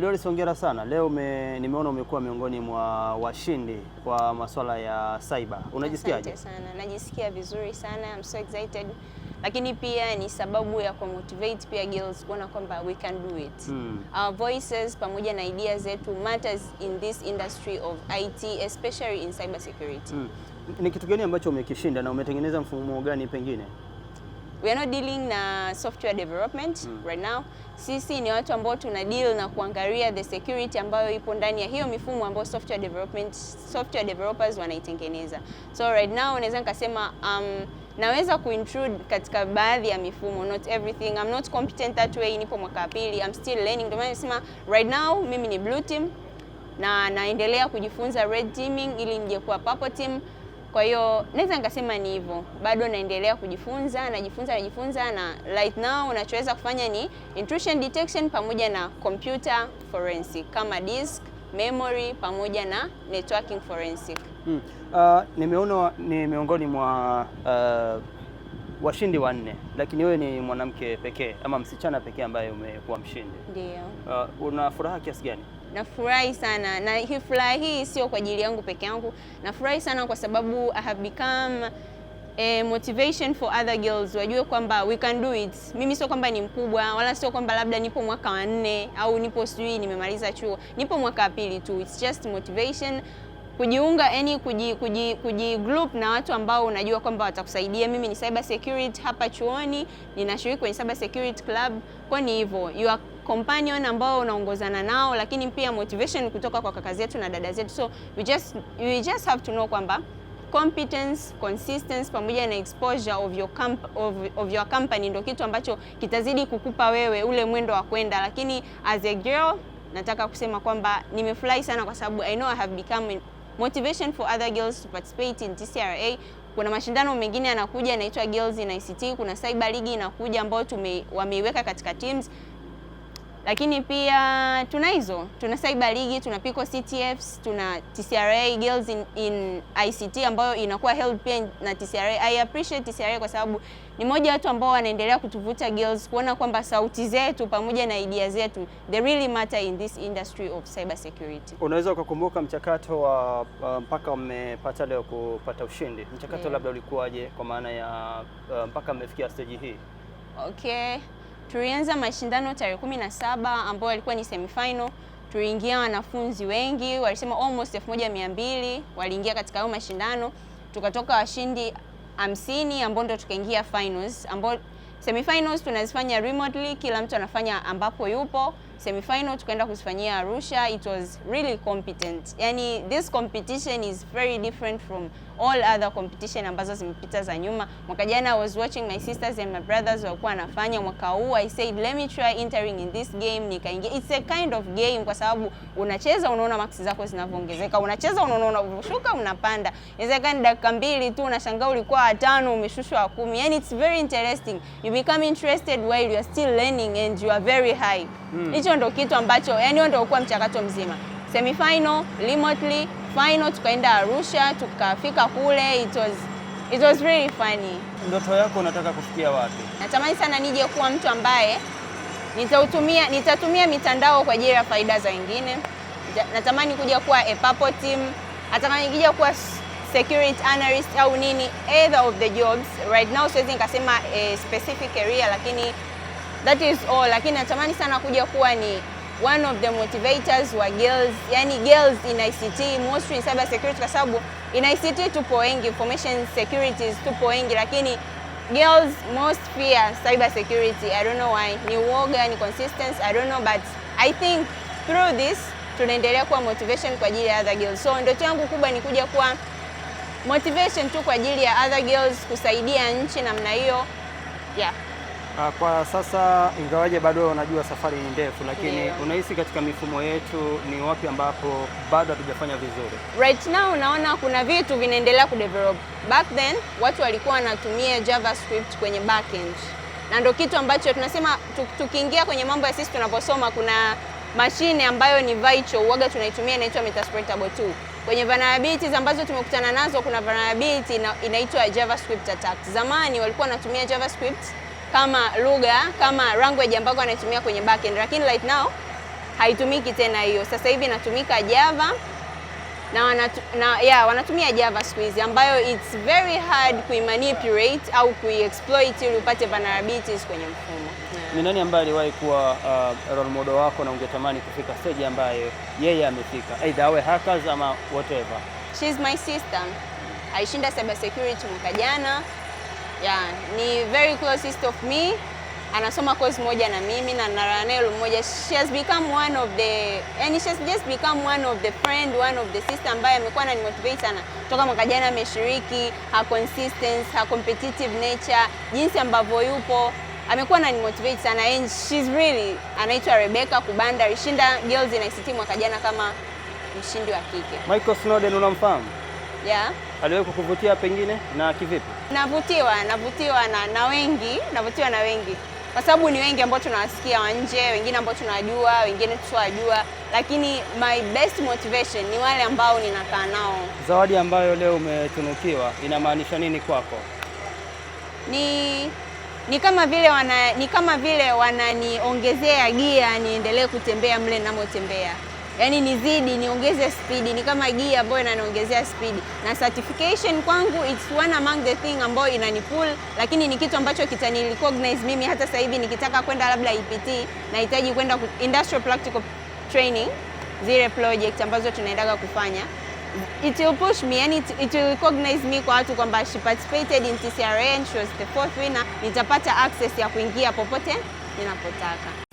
Doris, hongera sana leo me, nimeona umekuwa miongoni mwa washindi kwa masuala ya cyber, unajisikiaje? Sana, najisikia vizuri sana. I'm so excited, lakini pia ni sababu ya ku motivate pia girls kuona kwamba we can do it hmm. Our voices pamoja na ideas zetu matters in this industry of IT especially in cyber security hmm. Ni kitu gani ambacho umekishinda na umetengeneza mfumo gani pengine We are not dealing na software development mm. right now. Sisi ni watu ambao tuna deal na kuangalia the security ambayo ipo ndani ya hiyo mifumo ambayo software development, software developers wanaitengeneza. So right now unaweza nikasema um, naweza kuintrude katika baadhi ya mifumo, not everything. I'm not competent that way, nipo mwaka wa pili, I'm still learning. Ndio maana nasema right now mimi ni blue team na naendelea kujifunza red teaming ili nije kuwa purple team. Kwa hiyo naweza nikasema ni hivyo, bado naendelea kujifunza, najifunza, najifunza na right now unachoweza kufanya ni intrusion detection pamoja na computer forensic kama disk memory pamoja na networking forensic. Hmm. Uh, nimeona ni miongoni mwa uh, washindi wanne, lakini wewe ni mwanamke pekee ama msichana pekee ambaye umekuwa mshindi. Ndio. Uh, una furaha kiasi gani? Nafurahi sana na hii furaha hii sio kwa ajili yangu peke yangu. Nafurahi sana kwa sababu I have become a motivation for other girls, wajue kwamba we can do it. Mimi sio kwamba ni mkubwa wala sio kwamba labda nipo mwaka wa nne au nipo sijui nimemaliza chuo, nipo mwaka wa pili tu. It's just motivation kujiunga yani kuji, kuji, kuji group na watu ambao unajua kwamba watakusaidia. Mimi ni cyber security hapa chuoni, ninashiriki kwenye cyber security club. Kwa ni hivyo your companion ambao unaongozana nao, lakini pia motivation kutoka kwa kaka zetu na dada zetu, so we just, we just have to know kwamba competence consistency pamoja na exposure of your, camp, of, of your company ndio kitu ambacho kitazidi kukupa wewe ule mwendo wa kwenda. Lakini as a girl nataka kusema kwamba nimefurahi sana kwa sababu I know I have become motivation for other girls to participate in TCRA. Kuna mashindano mengine yanakuja yanaitwa Girls in ICT, kuna Cyber League inakuja ambayo wameiweka katika teams lakini pia tuna hizo, tuna cyber league, tuna Pico CTFs, tuna TCRA Girls in, in ICT ambayo inakuwa held pia na TCRA. I appreciate TCRA kwa sababu ni moja watu ambao wanaendelea kutuvuta girls kuona kwamba sauti zetu pamoja na idea zetu they really matter in this industry of cyber security. Unaweza ukakumbuka mchakato wa uh, mpaka mmepata leo kupata ushindi, mchakato yeah, labda ulikuwaje kwa maana ya uh, mpaka mmefikia stage hii? Okay. Tulianza mashindano tarehe kumi na saba ambayo yalikuwa ni semifinal. Tuliingia wanafunzi wengi, walisema almost mbili waliingia katika hayo mashindano, tukatoka washindi hamsini ambao ndo tukaingia finals, ambao semifinals tunazifanya remotely, kila mtu anafanya ambapo yupo semifinal tukaenda kuzifanyia Arusha. It was really competent, yani this competition is very different from all other competition ambazo zimepita za nyuma. Mwaka jana I was watching my sisters and my brothers walikuwa wanafanya, mwaka huu I said let me try entering in this game, nikaingia. It's a kind of game kwa sababu unacheza unaona marks zako zinavyoongezeka, unacheza unaona unashuka, unapanda, inawezekana dakika mbili tu unashangaa ulikuwa tano umeshushwa kumi. Yani it's very interesting, you become interested while you are still learning and you are very high hmm hicho ndo kitu ambacho yani ndio ulikuwa mchakato mzima, semifinal, remotely final, tukaenda Arusha, tukafika kule, it was it was really funny. Ndoto yako unataka kufikia wapi? Natamani sana nije kuwa mtu ambaye nitautumia nitatumia mitandao kwa ajili ya faida za wengine. Natamani kuja kuwa a purple team, natamani kuja kuwa security analyst au nini, either of the jobs. Right now siwezi nikasema a specific area, lakini that is all, lakini natamani sana kuja kuwa ni one of the motivators wa girls, yani girls in ICT, mostly in cyber security, kwa sababu in ICT tupo wengi, information securities tupo wengi, lakini girls most fear cyber security. I don't know why, ni uoga, ni consistency, I don't know, but I think through this tunaendelea kuwa motivation kwa ajili ya other girls. So ndoto yangu kubwa ni kuja kuwa motivation tu kwa ajili ya other girls kusaidia nchi namna hiyo, yeah. Ah, kwa sasa ingawaje bado unajua safari ni ndefu, lakini yeah, unahisi katika mifumo yetu ni wapi ambapo bado hatujafanya vizuri? Right now unaona kuna vitu vinaendelea kudevelop. Back then watu walikuwa wanatumia JavaScript kwenye backend, na ndio kitu ambacho tunasema tukiingia kwenye mambo ya sisi tunaposoma, kuna mashine ambayo ni Vicho uoga tunaitumia inaitwa Metasploitable 2 kwenye vulnerabilities ambazo tumekutana nazo, kuna vulnerability inaitwa JavaScript attack. Zamani walikuwa wanatumia JavaScript kama lugha kama language ambako anaitumia kwenye backend, lakini right now haitumiki tena hiyo. Sasa hivi inatumika Java na, wanatu, na yeah, wanatumia Java siku hizi ambayo it's very hard kuimanipulate au kuiexploit ili upate vulnerabilities kwenye mfumo. Ni nani ambaye aliwahi kuwa uh, role model wako na ungetamani kufika stage ambayo yeye amefika, either awe hackers ama whatever? She's my sister. Aishinda cyber security mwaka jana Yeah, ni very close sister of me. Anasoma course moja na mimi na Naranel mmoja. She has become one of the and she has just become one of the friend, one of the sister ambaye amekuwa motivate sana. Toka mwaka jana ameshiriki, her consistency, her competitive nature, jinsi ambavyo yupo amekuwa motivate sana and she's really anaitwa Rebecca Kubanda, alishinda Girls in ICT mwaka jana kama mshindi wa kike. Michael Snowden unamfahamu? yeah. Aliwahi kukuvutia pengine na kivipi? Navutiwa, navutiwa na, na wengi, navutiwa na wengi kwa sababu ni wengi ambao tunawasikia wa nje, wengine ambao tunajua, wengine tusiwajua, lakini my best motivation ni wale ambao ninakaa nao. Zawadi ambayo leo umetunukiwa inamaanisha nini kwako? Ni ni kama vile wana ni kama vile wananiongezea gia niendelee kutembea mle ninamotembea yani nizidi niongeze speed, ni kama gia ambayo inaniongezea speed. Na certification kwangu it's one among the thing ambayo inanipull, lakini ni kitu ambacho kitani recognize mimi. Hata sasa hivi nikitaka kwenda labda IPT, nahitaji kwenda industrial practical training, zile project ambazo tunaendaga kufanya it will push me and yaani it, it will recognize me kwa watu kwamba she participated in TCRA and she was the fourth winner. Nitapata access ya kuingia popote ninapotaka.